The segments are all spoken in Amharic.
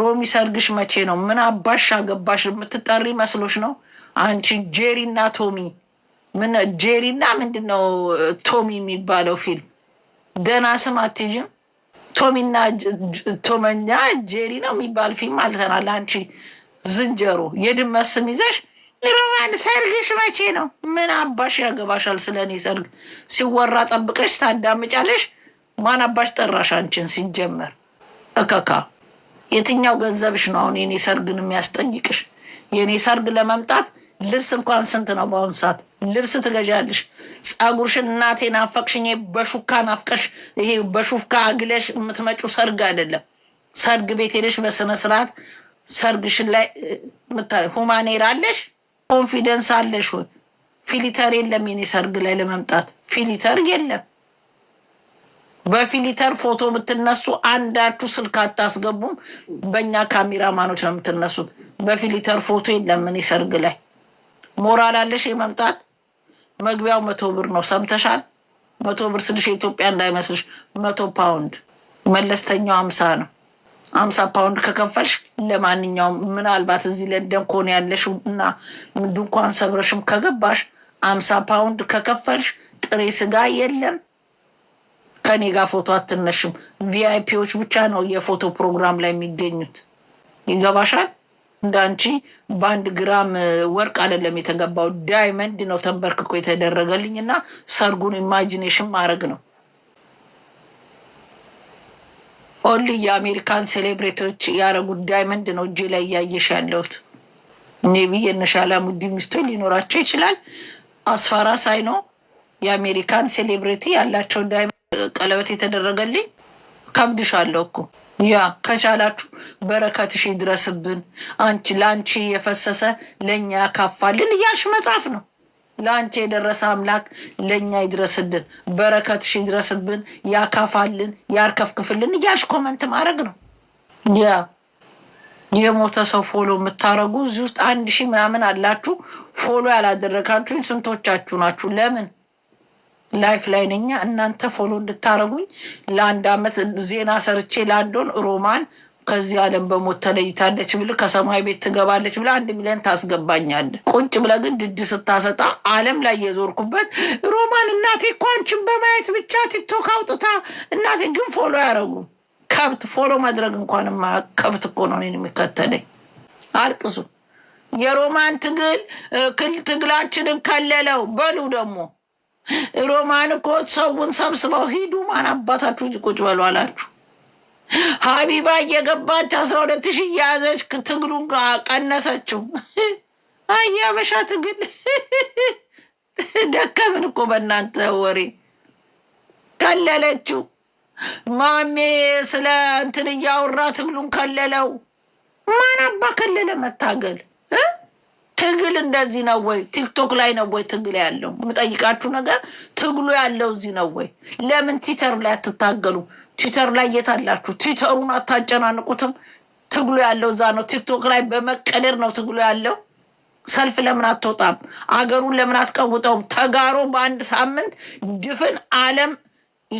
ሮሚ ሰርግሽ መቼ ነው? ምን አባሽ አገባሽ? የምትጠሪ መስሎሽ ነው? አንቺ ጄሪና ቶሚ ምን ጄሪና ምንድን ነው ቶሚ የሚባለው ፊልም ገና ስም አትይዥም። ቶሚና ቶመኛ ጄሪ ነው የሚባል ፊልም አልተናል። አንቺ ዝንጀሮ የድመት ስም ይዘሽ ሮማን ሰርግሽ መቼ ነው? ምን አባሽ ያገባሻል? ስለ እኔ ሰርግ ሲወራ ጠብቀሽ ታዳምጫለሽ? ማን አባሽ ጠራሽ አንቺን? ሲጀመር እከካ የትኛው ገንዘብሽ ነው አሁን የኔ ሰርግን የሚያስጠይቅሽ? የኔ ሰርግ ለመምጣት ልብስ እንኳን ስንት ነው? በአሁኑ ሰዓት ልብስ ትገዣለሽ። ፀጉርሽን እናቴ ናፈቅሽኝ፣ በሹካ ናፍቀሽ፣ ይሄ በሹካ አግለሽ የምትመጪው ሰርግ አይደለም። ሰርግ ቤት ሄደሽ በስነስርዓት ሰርግሽን ላይ ሁማኔር አለሽ፣ ኮንፊደንስ አለሽ ወይ? ፊሊተር የለም። የኔ ሰርግ ላይ ለመምጣት ፊሊተር የለም። በፊሊተር ፎቶ የምትነሱ አንዳችሁ ስልክ አታስገቡም። በእኛ ማኖች ነው የምትነሱት። በፊሊተር ፎቶ የለም። እኔ ሰርግ ላይ ሞራል አለሽ የመምጣት መግቢያው መቶ ብር ነው። ሰምተሻል? መቶ ብር ስልሽ የኢትዮጵያ እንዳይመስልሽ። መቶ ፓውንድ መለስተኛው አምሳ ነው። አምሳ ፓውንድ ከከፈልሽ ለማንኛውም ምናልባት እዚህ ለንደን ከሆነ ያለሽ እና ድንኳን ሰብረሽም ከገባሽ አምሳ ፓውንድ ከከፈልሽ ጥሬ ስጋ የለም ከኔ ጋር ፎቶ አትነሽም። ቪአይፒዎች ብቻ ነው የፎቶ ፕሮግራም ላይ የሚገኙት። ይገባሻል? እንዳንቺ በአንድ ግራም ወርቅ አይደለም የተገባው ዳይመንድ ነው ተንበርክኮ የተደረገልኝ እና ሰርጉን ኢማጂኔሽን ማድረግ ነው። ኦንሊ የአሜሪካን ሴሌብሬቶች ያደረጉት ዳይመንድ ነው እጄ ላይ እያየሽ ያለሁት። ኔቢ የነሻላ ሙዲ ሚስቶ ሊኖራቸው ይችላል። አስፋራ ነው የአሜሪካን ሴሌብሬቲ ያላቸው ዳይመንድ ቀለበት የተደረገልኝ ከብድሻለሁ እኮ ያ ከቻላችሁ በረከትሽ ይድረስብን፣ አንቺ ለአንቺ የፈሰሰ ለእኛ ያካፋልን እያልሽ መጽሐፍ ነው። ለአንቺ የደረሰ አምላክ ለእኛ ይድረስልን፣ በረከትሽ ይድረስብን፣ ያካፋልን፣ ያርከፍክፍልን እያልሽ ኮመንት ማድረግ ነው። ያ የሞተ ሰው ፎሎ የምታደረጉ እዚህ ውስጥ አንድ ሺህ ምናምን አላችሁ። ፎሎ ያላደረጋችሁኝ ስንቶቻችሁ ናችሁ? ለምን ላይፍ ላይ ነኛ። እናንተ ፎሎ እንድታረጉኝ ለአንድ አመት ዜና ሰርቼ ላንዶን ሮማን ከዚህ ዓለም በሞት ተለይታለች ብል ከሰማይ ቤት ትገባለች ብለ አንድ ሚሊዮን ታስገባኛለ። ቁጭ ብለ ግን ድድ ስታሰጣ ዓለም ላይ የዞርኩበት ሮማን እናቴ እኮ አንቺን በማየት ብቻ ቲክቶክ አውጥታ እናቴ ግን ፎሎ ያደረጉ ከብት ፎሎ ማድረግ እንኳን ከብት እኮ ነው የሚከተለኝ። አልቅሱ። የሮማን ትግል ትግላችንን ከለለው በሉ ደግሞ ሮማን እኮ ሰውን ሰብስበው ሂዱ ማን አባታችሁ ቁጭ በሉ አላችሁ። ሀቢባ እየገባች አስራ ሁለት ሺ እየያዘች ትግሉን ቀነሰችው። አያበሻ ትግል ደከምን እኮ በእናንተ ወሬ ከለለችው። ማሜ ስለ እንትን እያወራ ትግሉን ከለለው። ማን አባ ከለለ መታገል ትግል እንደዚህ ነው ወይ? ቲክቶክ ላይ ነው ወይ ትግል ያለው? የምጠይቃችሁ ነገር ትግሉ ያለው እዚህ ነው ወይ? ለምን ትዊተር ላይ አትታገሉ? ትዊተር ላይ የት አላችሁ? ትዊተሩን አታጨናንቁትም? ትግሉ ያለው እዛ ነው። ቲክቶክ ላይ በመቀደር ነው ትግሉ ያለው። ሰልፍ ለምን አትወጣም? አገሩን ለምን አትቀውጠውም? ተጋሮ በአንድ ሳምንት ድፍን ዓለም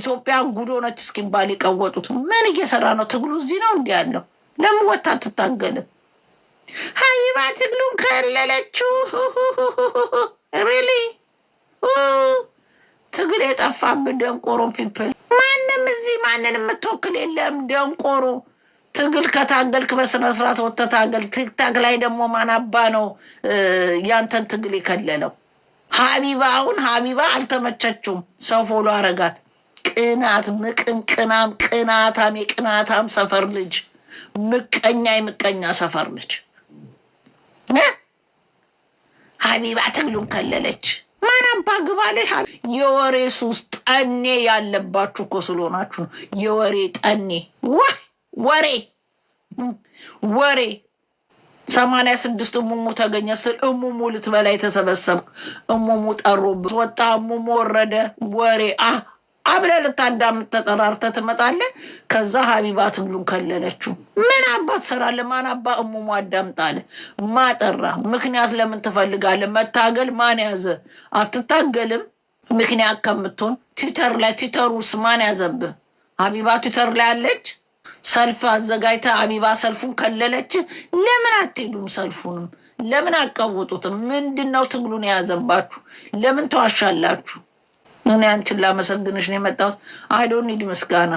ኢትዮጵያ ጉዶ ነች እስኪባል የቀወጡት ምን እየሰራ ነው? ትግሉ እዚህ ነው እንዲህ ያለው። ለምን ወታ አትታገልም? ሀቢባ ትግሉን ከለለችው። ሪሊ ትግል የጠፋብን ደንቆሮ ፒፕል። ማንም እዚህ ማንን የምትወክል የለም ደንቆሮ። ትግል ከታገልክ በስነስርዓት ወጥተህ ታገል። ቲክታክ ላይ ደግሞ ማናባ ነው ያንተን ትግል የከለለው? ሀቢባ አሁን ሀቢባ አልተመቸችውም። ሰው ፎሎ አረጋት። ቅናት ምቅን ቅናም ቅናታም የቅናታም ሰፈር ልጅ ምቀኛ የምቀኛ ሰፈር ልጅ ሀቢባ ትግሉን ከለለች። ማን አባ ግባለች። የወሬ ሱስ ጠኔ ያለባችሁ እኮ ስለሆናችሁ የወሬ ጠኔ ወሬ ወሬ ሰማንያ ስድስት እሙሙ ተገኘ ስትል እሙሙ ልትበላይ ተሰበሰብ እሙሙ ጠሩብ ወጣ እሙሙ ወረደ ወሬ አብለህ ልታዳምጥ ተጠራርተህ ትመጣለህ። ከዛ ሀቢባ ትግሉን ከለለችው። ምን አባት ትሰራለህ? ማን አባ እሙሙ አዳምጣለ? ማጠራ ምክንያት ለምን ትፈልጋለህ? መታገል ማን ያዘ? አትታገልም። ምክንያት ከምትሆን ትዊተር ላይ ትዊተር ማን ያዘብህ? ሀቢባ ትዊተር ላይ አለች። ሰልፍ አዘጋጅተ ሀቢባ ሰልፉን ከለለች። ለምን አትሄዱም? ሰልፉንም ለምን አቀውጡትም? ምንድን ነው ትግሉን የያዘባችሁ? ለምን ተዋሻላችሁ? እኔ አንቺን ላመሰግንሽ ነው የመጣሁት። አይዶን ኒድ ምስጋና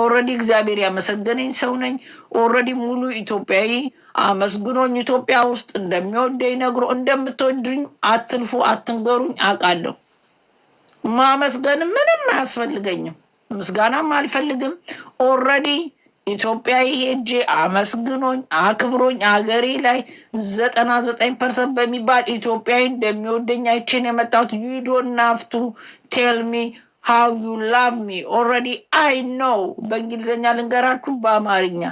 ኦረዲ እግዚአብሔር ያመሰገነኝ ሰው ነኝ። ኦረዲ ሙሉ ኢትዮጵያዊ አመስግኖኝ ኢትዮጵያ ውስጥ እንደሚወደኝ ነግሮ እንደምትወድኝ አትልፉ አትንገሩኝ አውቃለሁ። ማመስገንም ምንም አያስፈልገኝም፣ ምስጋናም አልፈልግም ኦረዲ ኢትዮጵያ ሄጄ አመስግኖኝ አክብሮኝ አገሬ ላይ ዘጠና ዘጠኝ ፐርሰንት በሚባል ኢትዮጵያዊ እንደሚወደኝ አይቼን የመጣሁት ዩ ዶንት ሃቭ ቱ ቴል ሚ ሃው ዩ ላቭ ሚ ኦልሬዲ አይ ኖው። በእንግሊዝኛ ልንገራችሁ በአማርኛ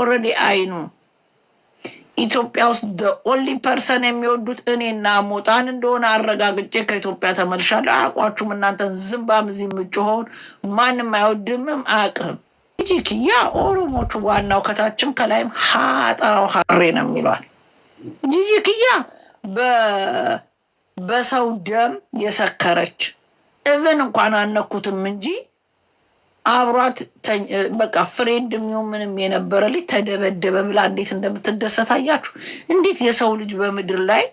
ኦልሬዲ አይ ኖ ኢትዮጵያ ውስጥ ኦንሊ ፐርሰን የሚወዱት እኔና ሞጣን እንደሆነ አረጋግጬ ከኢትዮጵያ ተመልሻለሁ። አያውቋችሁም እናንተን ዝምባም እዚህ የምጭሆን ማንም አይወድምም አያውቅም። ጂጂኪያ ኦሮሞቹ ዋናው ከታችም ከላይም ሀጠራው ሀሬ ነው የሚሏት። ጂጂኪያ በሰው ደም የሰከረች እብን እንኳን አነኩትም እንጂ አብሯት በቃ ፍሬንድ የሚሆን ምንም የነበረ ልጅ ተደበደበ ብላ እንዴት እንደምትደሰት አያችሁ። እንዴት የሰው ልጅ በምድር ላይ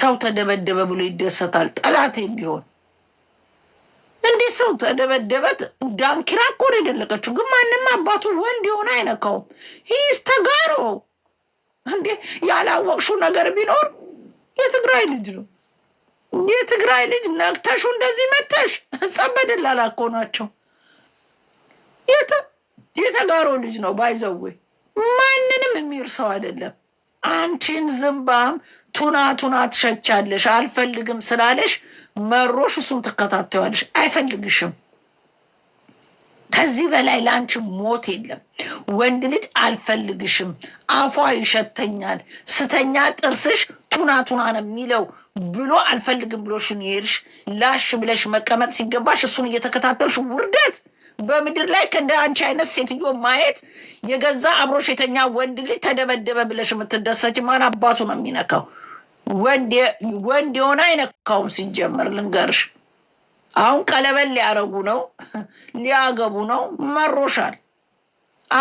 ሰው ተደበደበ ብሎ ይደሰታል? ጠላቴ ቢሆን እንዴት ሰው ተደበደበት? ዳንኪራ እኮ ነው የደለቀችው። ግን ማንም አባቱ ወንድ የሆነ አይነካውም። ይስ ተጋሮ እንዴ ያላወቅሽው ነገር ቢኖር የትግራይ ልጅ ነው። የትግራይ ልጅ ነቅተሹ እንደዚህ መተሽ ጸበደላ ላኮ ናቸው። የተጋሮ ልጅ ነው ባይዘዌ ማንንም የሚርሰው አይደለም። አንቺን ዝምባም ቱና ቱና ትሸቻለሽ አልፈልግም ስላለሽ መሮሽ እሱን ትከታተዋለሽ። አይፈልግሽም። ከዚህ በላይ ለአንቺ ሞት የለም። ወንድ ልጅ አልፈልግሽም፣ አፏ ይሸተኛል፣ ስተኛ ጥርስሽ ቱና ቱና ነው የሚለው ብሎ አልፈልግም ብሎሽን ይሄድሽ ላሽ ብለሽ መቀመጥ ሲገባሽ እሱን እየተከታተልሽ ውርደት በምድር ላይ ከእንደ አንቺ አይነት ሴትዮ ማየት የገዛ አብሮሽ የተኛ ወንድ ልጅ ተደበደበ ብለሽ የምትደሰች ማን አባቱ ነው የሚነካው? ወንድ የሆነ አይነካውም። ሲጀመር ልንገርሽ፣ አሁን ቀለበል ሊያረጉ ነው፣ ሊያገቡ ነው። መሮሻል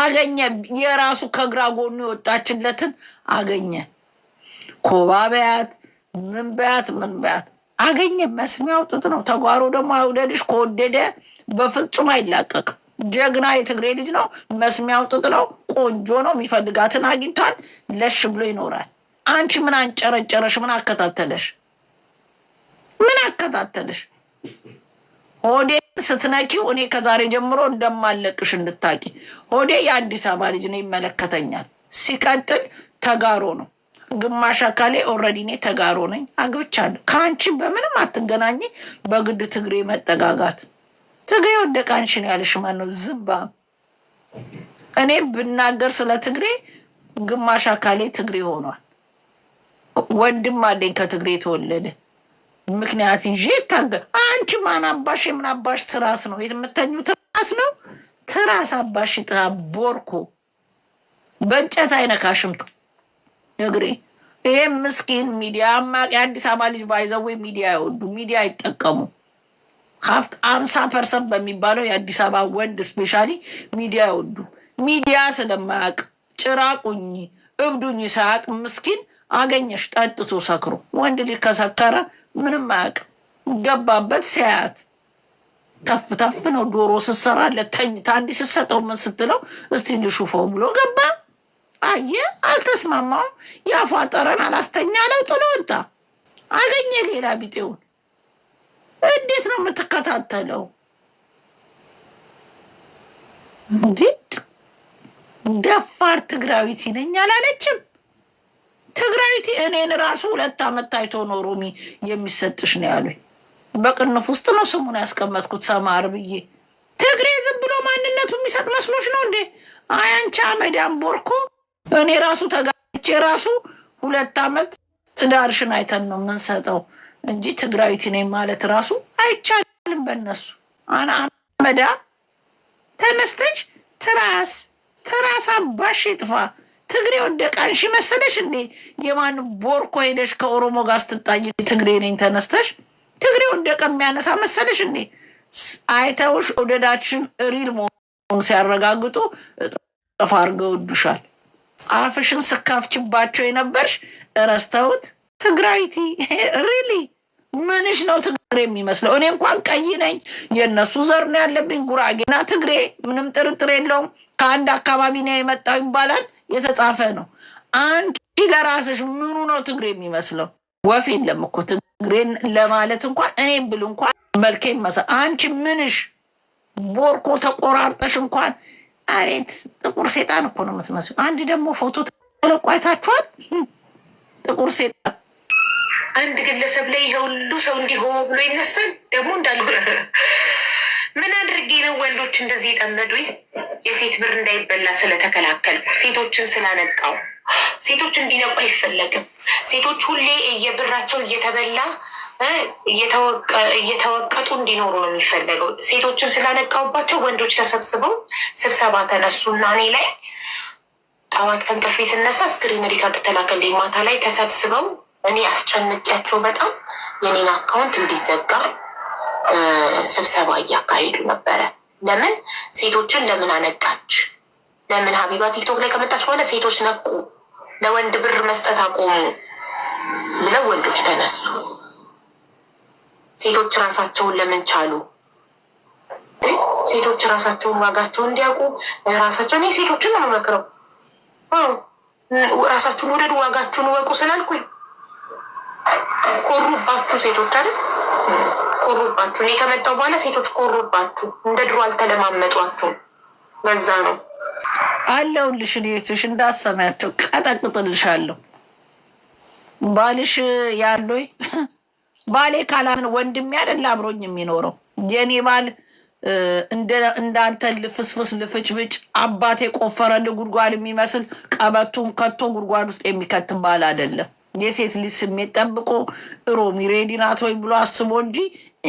አገኘ። የራሱ ከግራ ጎኑ የወጣችለትን አገኘ። ኮባ በያት ምን በያት ምን በያት አገኘ። መስሚያ ጥጥ ነው። ተጓሮ ደግሞ አውደድሽ ከወደደ በፍጹም አይላቀቅም። ጀግና የትግሬ ልጅ ነው። መስሚያው ጥጥ ነው። ቆንጆ ነው። የሚፈልጋትን አግኝቷል። ለሽ ብሎ ይኖራል። አንቺ ምን አንጨረጨረሽ? ምን አከታተለሽ? ምን አከታተለሽ? ሆዴ ስትነኪው እኔ ከዛሬ ጀምሮ እንደማለቅሽ እንድታቂ። ሆዴ የአዲስ አበባ ልጅ ነው፣ ይመለከተኛል። ሲቀጥል ተጋሮ ነው ግማሽ አካሌ ኦልሬዲ እኔ ተጋሮ ነኝ፣ አግብቻለሁ። ከአንቺ በምንም አትገናኝ። በግድ ትግሬ መጠጋጋት ትግሬ ወደቀ አንቺ ነው ያለሽ ማን ነው? ዝባ እኔ ብናገር ስለ ትግሬ ግማሽ አካሌ ትግሬ ሆኗል። ወንድም አለኝ ከትግሬ የተወለደ ምክንያት እንጂ ታገ አንቺ ማን አባሽ የምን አባሽ ትራስ ነው የምተኙ ትራስ ነው ትራስ አባሽ ጥሃ ቦርኮ በእንጨት አይነካሽም እግሬ። ይህ ምስኪን ሚዲያ አማቂ አዲስ አበባ ልጅ ባይዘዌ ሚዲያ ይወዱ ሚዲያ አይጠቀሙም። አምሳ ፐርሰንት በሚባለው የአዲስ አበባ ወንድ ስፔሻሊ ሚዲያ ይወዱ ሚዲያ ስለማያውቅ ጭራቁኝ እብዱኝ ሳያውቅ ምስኪን አገኘሽ ጠጥቶ ሰክሮ ወንድ ልጅ ከሰከረ ምንም አያውቅም። ገባበት ሲያያት ተፍ ተፍ ነው። ዶሮ ስትሰራለት ተኝታ እንዲህ ስትሰጠው ምን ስትለው እስቲ ልሹፈው ብሎ ገባ። አየ አልተስማማውም። ያፏጠረን አላስተኛ ለው ጥሎ ወጣ። አገኘ ሌላ ቢጤውን እንዴት ነው የምትከታተለው? እንዴት ደፋር ትግራዊት ነኝ አላለችም። ትግራዊት እኔን ራሱ ሁለት ዓመት ታይቶ ነው ሮሚ የሚሰጥሽ ነው ያሉኝ። በቅንፍ ውስጥ ነው ስሙን ያስቀመጥኩት ሰማር ብዬ። ትግሬ ዝም ብሎ ማንነቱ የሚሰጥ መስሎች ነው እንዴ? አይ አንቺ አመዳም ቦርኮ። እኔ ራሱ ተጋቼ ራሱ ሁለት ዓመት ትዳርሽን አይተን ነው የምንሰጠው እንጂ ትግራዊት ነኝ ማለት ራሱ አይቻልም። በነሱ አመዳ ተነስተች ትራስ ትራስ አባሽ ይጥፋ። ትግሬ ወደቃንሽ መሰለሽ እንዴ? የማን ቦርኮ ሄደሽ ከኦሮሞ ጋር ስትጣይ ትግሬ ነኝ ተነስተሽ ትግሬ ወደቀ የሚያነሳ መሰለሽ እንዴ? አይተውሽ ወደዳችን ሪል መሆኑን ሲያረጋግጡ ጥፍ አድርገው ወዱሻል። አፍሽን ስካፍችባቸው የነበርሽ እረስተውት ትግራይቲ ሪሊ ምንሽ ነው ትግሬ የሚመስለው? እኔ እንኳን ቀይ ነኝ፣ የእነሱ ዘር ነው ያለብኝ። ጉራጌና ትግሬ ምንም ጥርጥር የለውም። ከአንድ አካባቢ ነው የመጣው ይባላል፣ የተጻፈ ነው። አንቺ ለራስሽ ምኑ ነው ትግሬ የሚመስለው? ወፍ የለም እኮ ትግሬን ለማለት እንኳን እኔ ብል እንኳን መልኬ ይመሰ አንቺ ምንሽ ቦርኮ ተቆራርጠሽ እንኳን አቤት ጥቁር ሴጣን እኮ ነው የምትመስለው። አንድ ደግሞ ፎቶ ተለቋይታችኋል ጥቁር ሴጣን አንድ ግለሰብ ላይ ይሄ ሁሉ ሰው እንዲሆ ብሎ ይነሳል። ደግሞ እንዳለ ምን አድርጌ ነው ወንዶች እንደዚህ የጠመዱኝ? የሴት ብር እንዳይበላ ስለተከላከልኩ፣ ሴቶችን ስላነቃው። ሴቶች እንዲነቁ አይፈለግም። ሴቶች ሁሌ የብራቸው እየተበላ እየተወቀጡ እንዲኖሩ ነው የሚፈለገው። ሴቶችን ስላነቃውባቸው ወንዶች ተሰብስበው ስብሰባ ተነሱ እና እኔ ላይ ጠዋት ከእንቅልፌ ስነሳ ስክሪን ሪከርድ ተላከልኝ። ማታ ላይ ተሰብስበው እኔ አስጨንቂያቸው በጣም የኔን አካውንት እንዲዘጋ ስብሰባ እያካሄዱ ነበረ። ለምን ሴቶችን ለምን አነቃች? ለምን ሀቢባ ቲክቶክ ላይ ከመጣች በኋላ ሴቶች ነቁ፣ ለወንድ ብር መስጠት አቆሙ ብለው ወንዶች ተነሱ። ሴቶች ራሳቸውን ለምን ቻሉ? ሴቶች ራሳቸውን ዋጋቸው እንዲያውቁ ራሳቸውን ሴቶችን ነው የምመክረው። ራሳችሁን ወደዱ፣ ዋጋችሁን እወቁ ስላልኩኝ ኮሩባችሁ ሴቶች አይደል? ኮሩባችሁ። እኔ ከመጣሁ በኋላ ሴቶች ኮሩባችሁ፣ እንደ ድሮ አልተለማመጧችሁም። በዛ ነው አለሁልሽ። እኔ እንዳሰማያቸው ቀጠቅጥልሻለሁ። ባልሽ ያለይ ባሌ ካላምን ወንድሜ አይደል አብሮኝ የሚኖረው የኔ ባል እንዳንተ ልፍስፍስ ልፍጭፍጭ አባቴ ቆፈረ ጉድጓድ የሚመስል ቀበቱን ከቶ ጉድጓድ ውስጥ የሚከት ባል አይደለም። የሴት ልጅ ስሜት ጠብቆ ሮሚ ሬዲ ናት ወይ ብሎ አስቦ እንጂ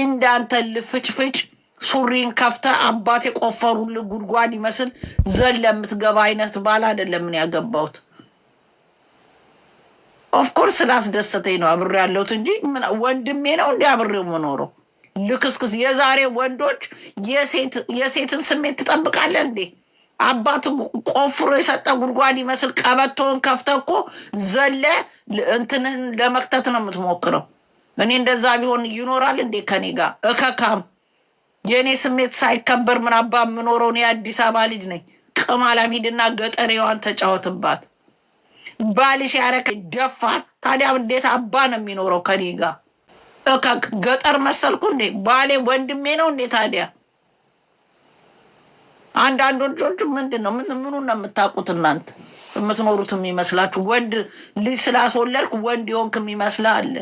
እንዳንተ ልፍጭፍጭ ሱሪን ከፍተ አባት የቆፈሩል ጉድጓድ ይመስል ዘን ለምትገባ አይነት ባል አይደለም። ምን ያገባሁት ኦፍኮርስ ስላስደሰተኝ ነው አብሬ ያለሁት እንጂ ወንድሜ ነው እንዲ አብሬው መኖረው ልክስክስ። የዛሬ ወንዶች የሴትን ስሜት ትጠብቃለህ እንዴ? አባት ቆፍሮ የሰጠ ጉድጓድ ይመስል ቀበቶውን ከፍተኮ እኮ ዘለ እንትንን ለመክተት ነው የምትሞክረው። እኔ እንደዛ ቢሆን ይኖራል እንዴ ከኔ ጋር እከካም የእኔ ስሜት ሳይከበር ምን አባ የምኖረው? እኔ አዲስ አበባ ልጅ ነኝ። ቅማላም ሂድና ገጠሬዋን ተጫወትባት። ባልሽ ያረከ ደፋር። ታዲያ እንዴት አባ ነው የሚኖረው ከኔ ጋር እከክ? ገጠር መሰልኩ እንዴ? ባሌ ወንድሜ ነው እንዴ ታዲያ ወንዶች ምንድን ነው ምኑ ነው የምታውቁት እናንተ የምትኖሩት የሚመስላችሁ ወንድ ልጅ ስላስወለድክ ወንድ የሆንክ የሚመስልህ አለ።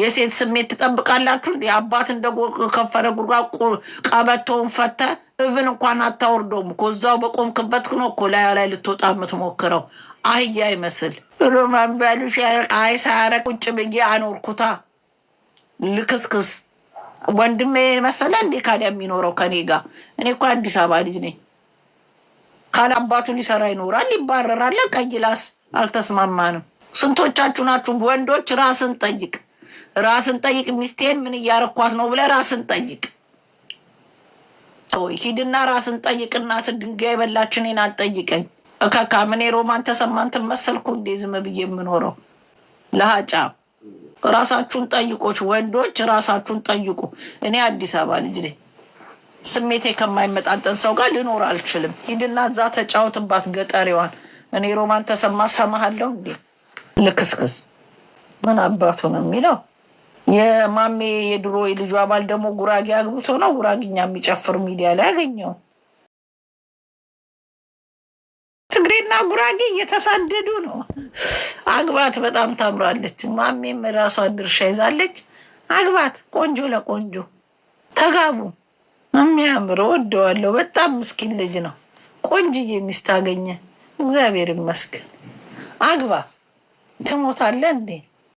የሴት ስሜት ትጠብቃላችሁ። አባት እንደ ከፈረ ጉርጓ ቀበቶውን ፈተ እብን እንኳን አታወርደውም እኮ እዛው በቆምክበት ነው እኮ ላይ ላይ ልትወጣ የምትሞክረው አህያ አይመስል ሮማን ባሉሽ አይ ሳያረቅ ቁጭ ብዬ አኖርኩታ ልክስክስ ወንድሜ መሰለ እንዴ ካዲያ የሚኖረው ከኔ ጋር? እኔ እኮ አዲስ አበባ ልጅ ነኝ። አባቱ ሊሰራ ይኖራል፣ ይባረራል። ቀይ አልተስማማንም። ስንቶቻችሁ ናችሁ ወንዶች? ራስን ጠይቅ፣ ራስን ጠይቅ። ሚስቴን ምን እያረኳት ነው ብለ ራስን ጠይቅ። ሂድና ራስን ጠይቅ። እናት ድንጋይ በላች፣ እኔን አትጠይቀኝ። እከካ ምን ሮማን ተሰማንትን መሰልኩ እንዴ ዝም ብዬ የምኖረው ለሀጫም ራሳችሁን ጠይቆች ወንዶች ራሳችሁን ጠይቁ። እኔ አዲስ አበባ ልጅ ነኝ። ስሜቴ ከማይመጣጠን ሰው ጋር ልኖር አልችልም። ሂድና እዛ ተጫወትባት ገጠሬዋን። እኔ ሮማን ተሰማ ሰማሃለው እንዴ ልክስክስ ምን አባቱ ነው የሚለው። የማሜ የድሮ የልጇ አባል ደግሞ ጉራጌ አግብቶ ነው ጉራጌኛ የሚጨፍር ሚዲያ ላይ አገኘው። እና ጉራጌ እየተሳደዱ ነው። አግባት፣ በጣም ታምራለች። ማሜም የራሷን ድርሻ ይዛለች። አግባት፣ ቆንጆ ለቆንጆ ተጋቡ። የሚያምር ወደዋለሁ። በጣም ምስኪን ልጅ ነው። ቆንጅዬ ሚስት አገኘ። እግዚአብሔር ይመስገን። አግባ። ትሞታለህ እንዴ?